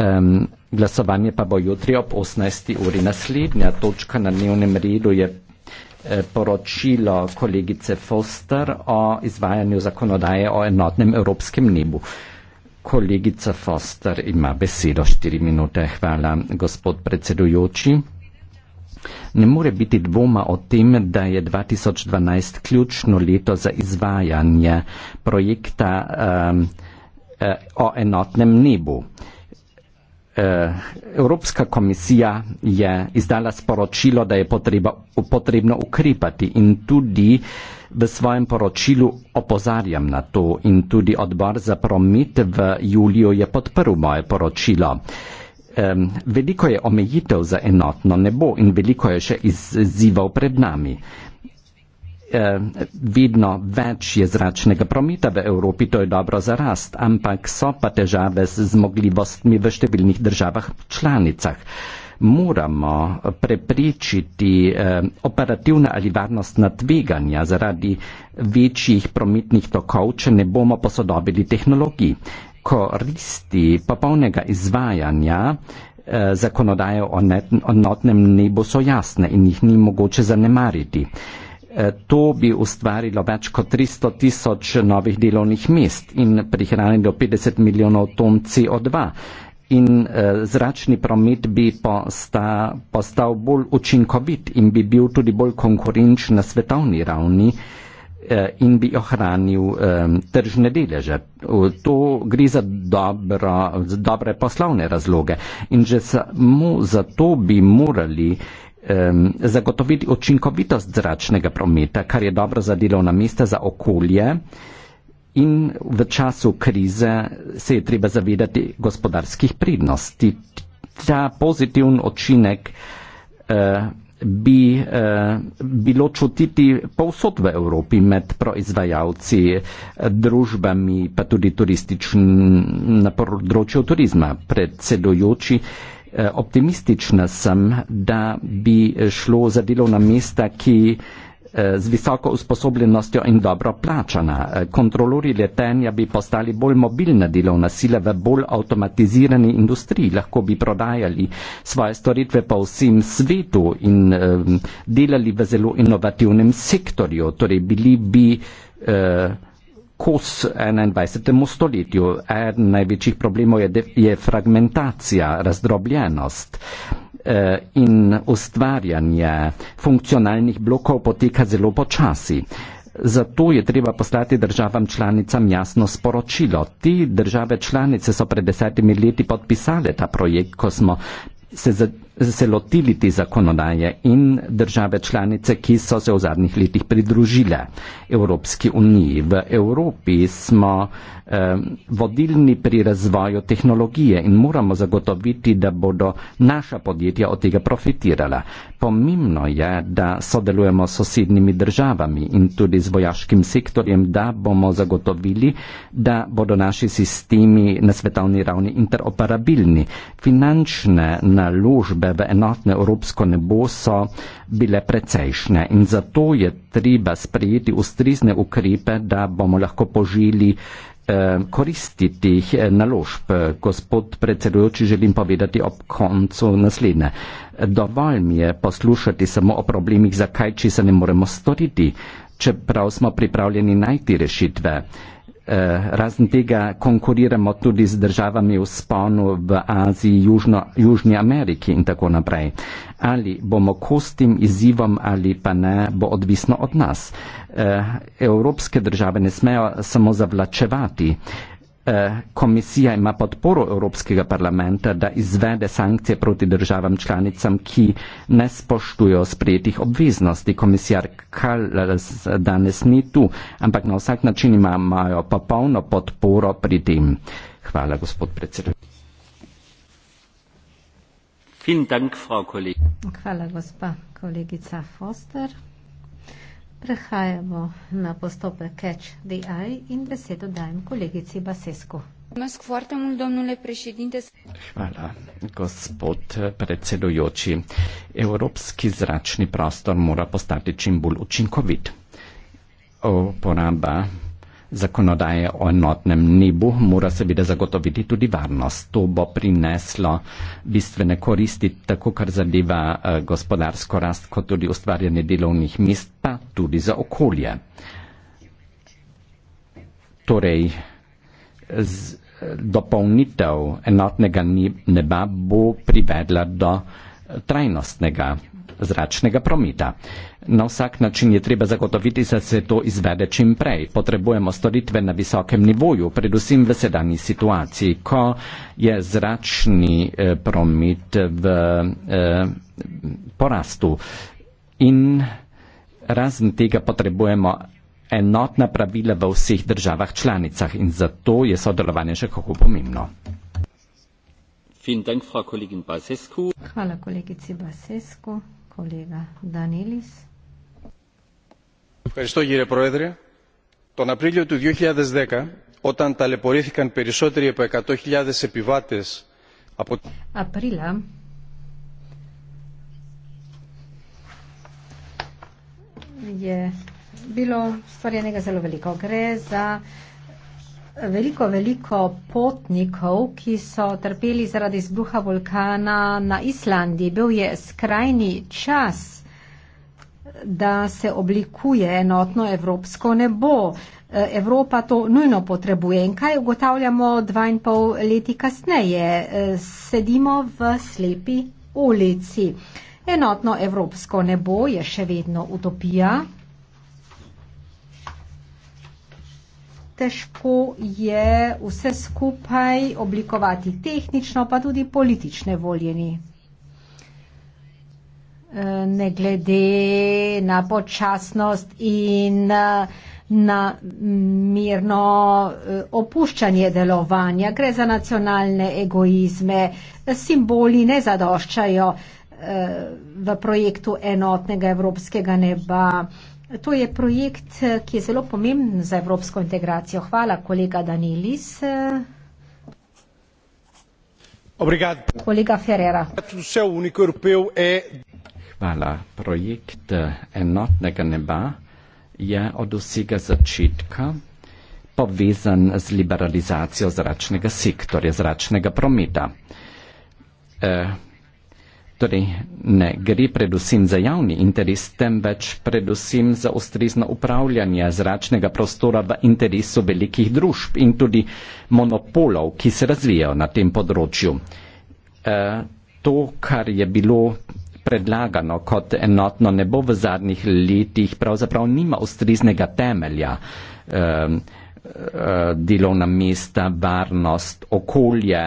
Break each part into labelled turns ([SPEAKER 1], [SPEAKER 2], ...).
[SPEAKER 1] Um, glasovanje pa bo jutri ob 18. uri. Naslednja točka na dnevnem redu je e, poročilo kolegice Foster o izvajanju zakonodaje o enotnem evropskem nebu. Kolegica Foster ima besedo 4 minute. Hvala, gospod predsedujoči. Ne more biti dvoma o tem, da je 2012 ključno leto za izvajanje projekta um, o enotnem nebu. Eh, Evropska komisija je izdala sporočilo, da je potreba, potrebno ukrepati in tudi v svojem poročilu opozarjam na to in tudi odbor za promet v juliju je podprl moje poročilo. Um, veliko je omejitev za enotno nebo in veliko je še izzival pred nami. Eh, vidno več je zračnega prometa v Evropi, to je dobro za rast, ampak so pa težave z zmogljivostmi v številnih državah članicah. Moramo preprečiti eh, operativna ali varnostna tveganja zaradi večjih prometnih tokov, če ne bomo posodobili tehnologij. Koristi popolnega izvajanja eh, zakonodajo o enotnem nebu so jasne in jih ni mogoče zanemariti. Eh, to bi ustvarilo več kot 300 tisoč novih delovnih mest in prihranilo 50 milijonov ton CO2. In eh, zračni promet bi posta, postal bolj učinkovit in bi bil tudi bolj konkurenčen na svetovni ravni eh, in bi ohranil eh, tržne deleže. To gre za, dobro, za dobre poslovne razloge. In že samo zato bi morali eh, um, zagotoviti učinkovitost zračnega prometa, kar je dobro za delovna mesta, za okolje. In v času krize se je treba zavedati gospodarskih prednosti. Ta pozitiven očinek uh, eh, bi uh, bilo čutiti povsod v Evropi med proizvajalci, družbami, pa tudi turističnim na področju turizma predsedujoči. Uh, Eh, optimistična sem, da bi šlo za delovna mesta, ki eh, z visoko usposobljenostjo in dobro plačana. Eh, kontrolori letenja bi postali bolj mobilna delovna sila v bolj avtomatizirani industriji, lahko bi prodajali svoje storitve pa vsem svetu in um, delali v zelo inovativnem sektorju, torej bili bi uh, kos 21. stoletju. Eden največjih problemov je, je fragmentacija, razdrobljenost eh, in ustvarjanje funkcionalnih blokov poteka zelo počasi. Zato je treba poslati državam članicam jasno sporočilo. Ti države članice so pred desetimi leti podpisale ta projekt, ko smo se se lotili te zakonodaje in države članice, ki so se v zadnjih letih pridružile Evropski uniji. V Evropi smo eh, vodilni pri razvoju tehnologije in moramo zagotoviti, da bodo naša podjetja od tega profitirala. Pomembno je, da sodelujemo s sosednjimi državami in tudi z vojaškim sektorjem, da bomo zagotovili, da bodo naši sistemi na svetovni ravni interoperabilni. Finančne naložbe spremembe v enotne evropsko nebo so bile precejšne in zato je treba sprejeti ustrizne ukrepe, da bomo lahko požili eh, koristiti jih eh, naložb. Gospod predsedujoči, želim povedati ob koncu naslednje. Dovolj mi je poslušati samo o problemih, zakaj če se ne moremo storiti, čeprav smo pripravljeni najti rešitve. Eh, razen tega konkuriramo tudi z državami v sponu v Aziji, Južno, Južni Ameriki in tako naprej. Ali bomo kos tem izzivom ali pa ne, bo odvisno od nas. Eh, evropske države ne smejo samo zavlačevati. Eh, komisija ima podporo Evropskega parlamenta, da izvede sankcije proti državam članicam, ki ne spoštujo sprejetih obveznosti. Komisijar Kallas danes ni tu, ampak na vsak način imajo popolno podporo pri tem. Hvala, gospod predsednik.
[SPEAKER 2] Hvala, gospa kolegica Foster. Prehajamo na postopek Catch the Eye in besedo dajem kolegici Basescu. Mulțumesc foarte mult, domnule președinte.
[SPEAKER 1] Hvala, gospod predsedujoči. Evropski zračni prostor mora postati čim bolj učinkovit. Oporaba zakonodaje o enotnem nebu, mora seveda zagotoviti tudi varnost. To bo prineslo bistvene koristi, tako kar zadeva eh, gospodarsko rast, kot tudi ustvarjanje delovnih mest, pa tudi za okolje. Torej, z, dopolnitev enotnega neba bo privedla do eh, trajnostnega zračnega prometa. Na vsak način je treba zagotoviti, da se to izvede čim prej. Potrebujemo storitve na visokem nivoju, predvsem v sedanji situaciji, ko je zračni eh, promet v eh, porastu. In razen tega potrebujemo enotna pravila v vseh državah članicah in zato je sodelovanje še kako pomembno.
[SPEAKER 2] Hvala kolegici Basescu
[SPEAKER 1] κύριε πρόεδρε τον απρίλιο του δύο χιλιάδες δέκα όταν ταλαιπωρήθηκαν περισσότεροι από εκατό χιλιάδες επιβάτες από.
[SPEAKER 2] απρίλα. Je bilo stvarjenega zelo veliko. Gre za veliko, veliko potnikov, ki so trpeli zaradi izbruha vulkana na Islandiji. Bil je skrajni čas, da se oblikuje enotno evropsko nebo. E, Evropa to nujno potrebuje. In kaj ugotavljamo dva in pol leti kasneje? E, sedimo v slepi ulici. Enotno evropsko nebo je še vedno utopija. težko je vse skupaj oblikovati tehnično, pa tudi politične voljeni. E, ne glede na počasnost in e, na mirno e, opuščanje delovanja, gre za nacionalne egoizme, simboli ne zadoščajo v projektu enotnega evropskega neba. To je projekt, eh, ki je zelo pomemben za evropsko integracijo. Hvala, kolega Danilis. Obrigado. Kolega Ferrera.
[SPEAKER 1] Hvala. Projekt eh, enotnega neba je od vsega začetka povezan z liberalizacijo zračnega sektorja, zračnega prometa. Uh, Torej, ne gre predvsem za javni interes, temveč predvsem za ustrezno upravljanje zračnega prostora v interesu velikih družb in tudi monopolov, ki se razvijajo na tem področju. E, to, kar je bilo predlagano kot enotno nebo v zadnjih letih, pravzaprav nima ustreznega temelja. E, e, delovna mesta, varnost, okolje.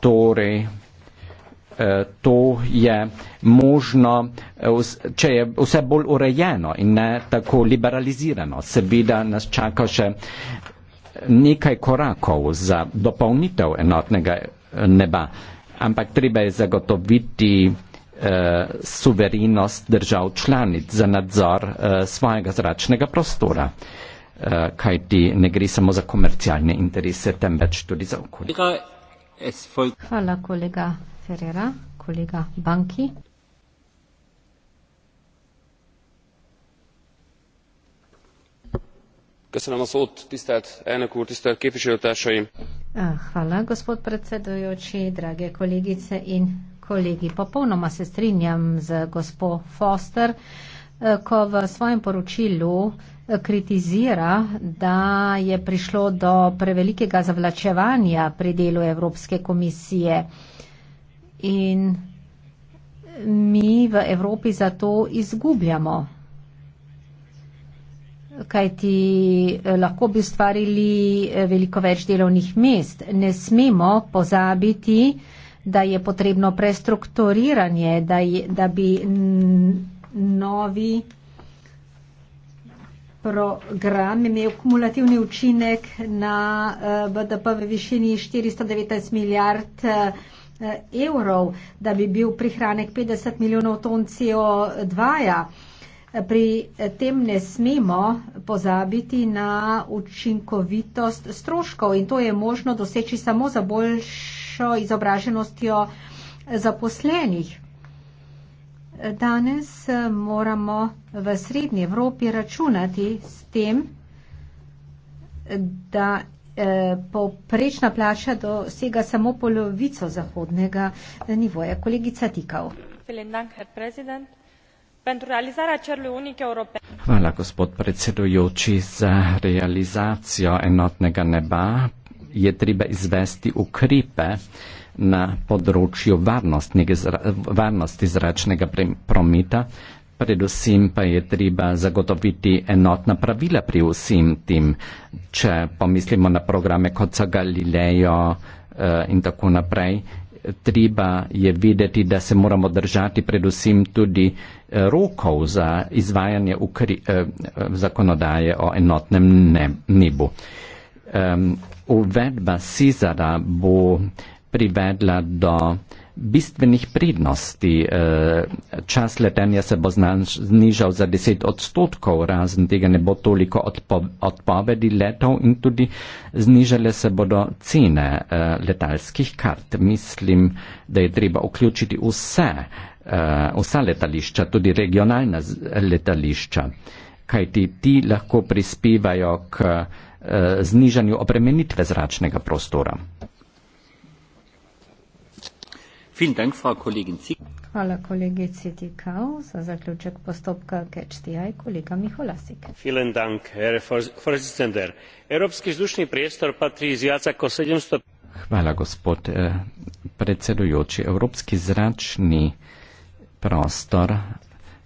[SPEAKER 1] Torej, eh, to je možno, eh, če je vse bolj urejeno in ne tako liberalizirano. Seveda nas čaka še nekaj korakov za dopolnitev enotnega eh, neba, ampak treba je zagotoviti eh, suverenost držav članic za nadzor eh, svojega zračnega prostora kajti ne gre samo za komercialne interese, temveč tudi za okolje es folgt.
[SPEAKER 2] Hvala, kolega Ferreira, kolega Banki. Köszönöm a szót, tisztelt elnök úr, tisztelt képviselőtársaim. Ah, hvala, gospod predsedujoči, drage kolegice in kolegi. Popolnoma se strinjam z gospod Foster, eh, ko v svojem poročilu kritizira, da je prišlo do prevelikega zavlačevanja pri delu Evropske komisije. In mi v Evropi zato izgubljamo, kajti eh, lahko bi ustvarili eh, veliko več delovnih mest. Ne smemo pozabiti, da je potrebno prestrukturiranje, da, je, da bi novi program imel kumulativni učinek na eh, BDP v višini 419 milijard eh, evrov, da bi bil prihranek 50 milijonov ton CO2. -ja. Pri tem ne smemo pozabiti na učinkovitost stroškov in to je možno doseči samo za boljšo izobraženostjo zaposlenih. Danes eh, moramo v srednji Evropi računati s tem, da eh, poprečna plača dosega samo polovico zahodnega eh, nivoja. Kolegica Tikal.
[SPEAKER 1] Hvala, gospod predsedujoči, za realizacijo enotnega neba. Je treba izvesti ukrepe na področju varnostnega, varnosti zračnega prometa, predvsem pa je treba zagotoviti enotna pravila pri vsem tem, če pomislimo na programe kot so Galilejo eh, in tako naprej. Treba je videti, da se moramo držati predvsem tudi eh, rokov za izvajanje ukri, eh, zakonodaje o enotnem nebu. Ehm, uvedba Cezara bo privedla do bistvenih prednosti. Eh, čas letenja se bo znižal za 10 odstotkov, razen tega ne bo toliko odpovedi letov in tudi znižale se bodo cene eh, letalskih kart. Mislim, da je treba vključiti vse, eh, vsa letališča, tudi regionalna letališča, kajti ti lahko prispevajo k znižanju opremenitve zračnega prostora.
[SPEAKER 2] Hvala kolegici Tikau za zaključek postopka KHTI, kolega Miholasik.
[SPEAKER 1] Vielen Dank, Herr Vorsitzender. Európsky vzdušný priestor patrí z viac ako 700... Hvala, gospod eh, predsedujúci. Európsky zračný prostor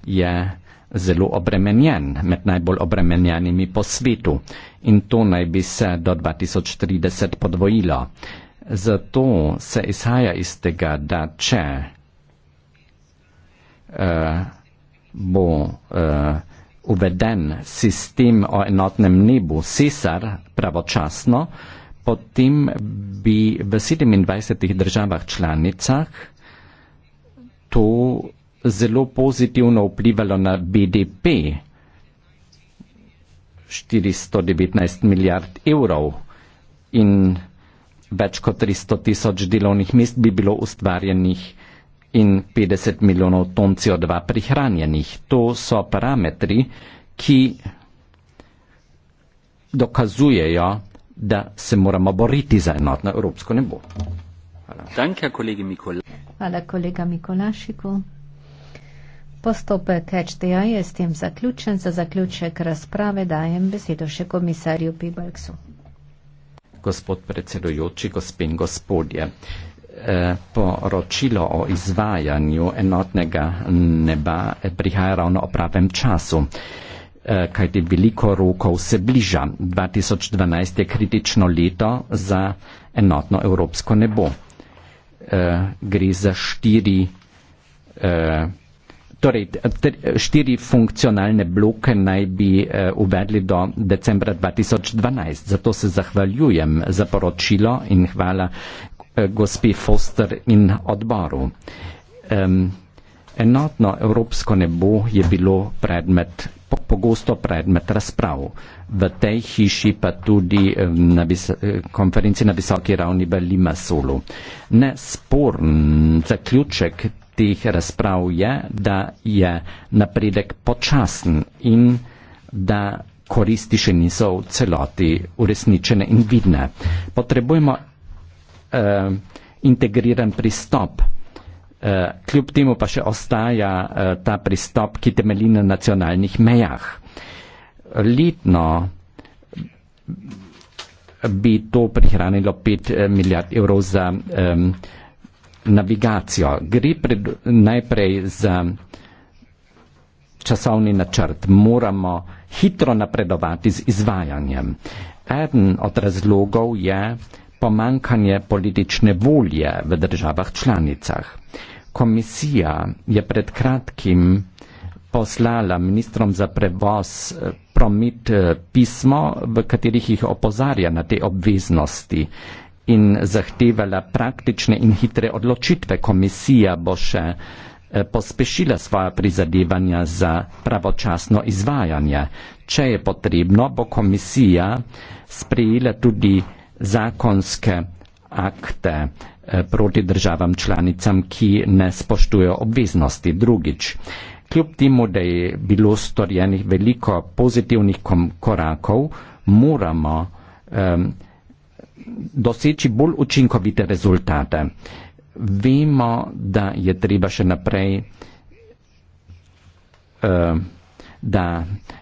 [SPEAKER 1] je zelo obremenjen, med najbolj obremenjenimi po svetu. In to naj bi se do 2030 podvojilo. Zato se izhaja iz tega, da če eh, bo eh, uveden sistem o enotnem nebu Cesar pravočasno, potem bi v 27 državah članicah to zelo pozitivno vplivalo na BDP 419 milijard evrov in več kot 300 tisoč delovnih mest bi bilo ustvarjenih in 50 milijonov ton CO2 prihranjenih. To so parametri, ki dokazujejo, da se moramo boriti za enotno Evropsko nebo. Hvala,
[SPEAKER 2] Hvala kolega Mikolašiku. Postopek HDA je s tem zaključen. Za zaključek razprave dajem besedo še komisarju Pibalksu
[SPEAKER 1] gospod predsedujoči, gospe in gospodje. Eh, poročilo o izvajanju enotnega neba eh, prihaja ravno o pravem času, eh, kajti veliko rokov se bliža. 2012 je kritično leto za enotno evropsko nebo. Gre za štiri Torej, štiri funkcionalne bloke naj bi eh, uvedli do decembra 2012. Zato se zahvaljujem za poročilo in hvala eh, gospe Foster in odboru. Um, enotno evropsko nebo je bilo predmet, po, pogosto predmet razprav. V tej hiši pa tudi um, na vis, eh, konferenci na visoki ravni v Limasolu. Nesporn zaključek teh razprav je, da je napredek počasen in da koristi še niso v celoti uresničene in vidne. Potrebujemo eh, integriran pristop. Eh, kljub temu pa še ostaja eh, ta pristop, ki temelji na nacionalnih mejah. Letno bi to prihranilo 5 eh, milijard evrov za eh, navigacijo. Gre pred, najprej za časovni načrt. Moramo hitro napredovati z izvajanjem. Eden od razlogov je pomankanje politične volje v državah članicah. Komisija je pred kratkim poslala ministrom za prevoz eh, promit eh, pismo, v katerih jih opozarja na te obveznosti in zahtevala praktične in hitre odločitve. Komisija bo še eh, pospešila svoja prizadevanja za pravočasno izvajanje. Če je potrebno, bo komisija sprejela tudi zakonske akte eh, proti državam članicam, ki ne spoštujejo obveznosti. Drugič, kljub temu, da je bilo storjenih veliko pozitivnih korakov, moramo um, doseči bolj učinkovite rezultate. Vemo, da je treba še naprej, eh, da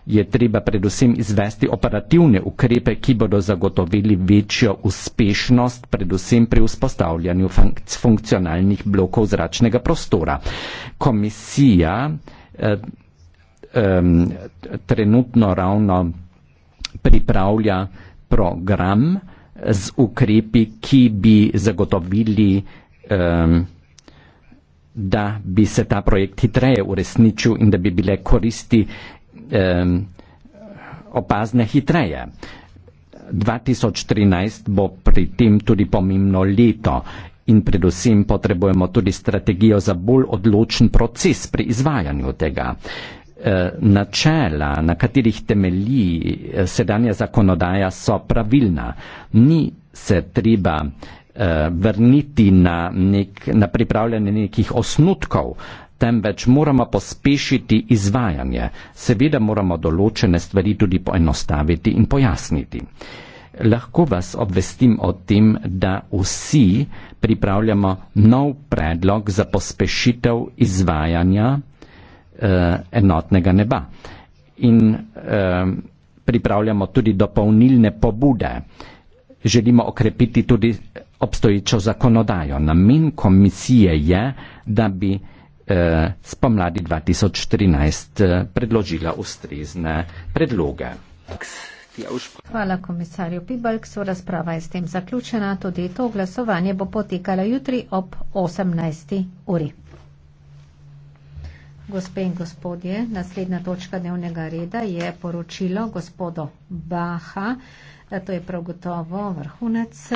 [SPEAKER 1] je treba predvsem izvesti operativne ukrepe, ki bodo zagotovili večjo uspešnost, predvsem pri vzpostavljanju funkcionalnih blokov zračnega prostora. Komisija eh, trenutno ravno pripravlja program, z ukrepi, ki bi zagotovili, um, da bi se ta projekt hitreje uresničil in da bi bile koristi um, opazne hitreje. 2013 bo pri tem tudi pomembno leto in predvsem potrebujemo tudi strategijo za bolj odločen proces pri izvajanju tega. Uh, Eh, načela, na katerih temelji eh, sedanja zakonodaja, so pravilna. Ni se treba eh, vrniti na, nek, na pripravljanje nekih osnutkov, temveč moramo pospešiti izvajanje. Seveda moramo določene stvari tudi poenostaviti in pojasniti. Lahko vas obvestim o tem, da vsi pripravljamo nov predlog za pospešitev izvajanja eh, enotnega neba. In eh, pripravljamo tudi dopolnilne pobude. Želimo okrepiti tudi obstoječo zakonodajo. Namen komisije je, da bi eh, spomladi 2013 eh, predložila ustrezne predloge.
[SPEAKER 2] Hvala komisarju Pibalk, so razprava je s tem zaključena. Tudi to glasovanje bo potekalo jutri ob 18. uri. Gospe in gospodje, naslednja točka dnevnega reda je poročilo gospodo Baha, to je prav gotovo vrhunec.